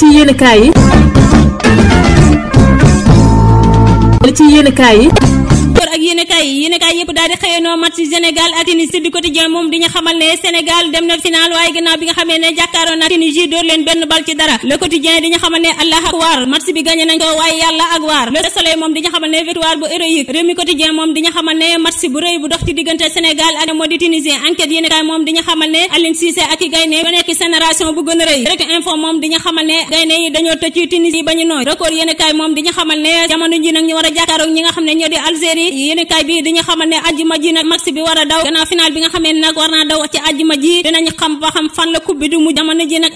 ci yenn kaay yi. ci yenn kaay yi. ak yenn kaay yi yenn kaay yëpp daal enchaînant match Sénégal ak Tunisie du quotidien moom diñu xamal ne Sénégal dem na final waaye gannaaw bi nga xamee ne jàkkaaroon na Tunisie xamal ne allah ak waar match bi a rëy direct info xamal ne gaynde ji nag ñu war a jàkkaaroog ñi nga xam ne ñoo di ji gi bi war a daw gannaaw bi nga xamee nag war naa daw ci àjjuma ji dinañu xam xam fan la coupe bi du mu jamono ji nag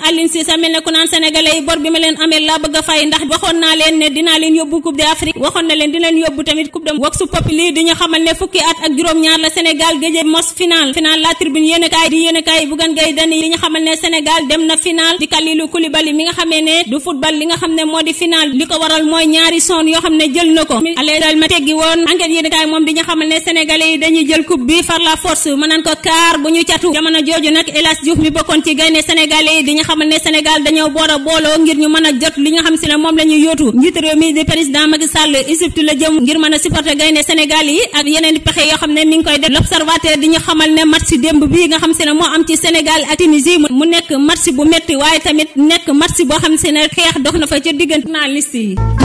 Aliou ma teggi woon enquête yéen kaay moom di xamal ne sénégalais yi dañuy jël coupe bi par la force mën nañ ko kaar bu ñu catu jamono jooju nag El Hadj Diouf mi bokkoon ci gaynde Sénégal yi di ñu xamal ne Sénégal dañoo boor booloo ngir ñu mën a jot li nga xam si ne moom la ñu yóotu njiitu réew mi di président Macky Sall Égypte la jëm ngir mën a supporter gaynde Sénégal yi ak yeneen pexe yoo xam ne mi ngi koy def l'observateur di ñu xamal ne mat match démb bi nga xam si ne moo am ci Sénégal ak Tunisie mu nekk match bu métti waaye tamit nekk mat match boo xam si ne xeex dox na fa ca diggante journaliste yi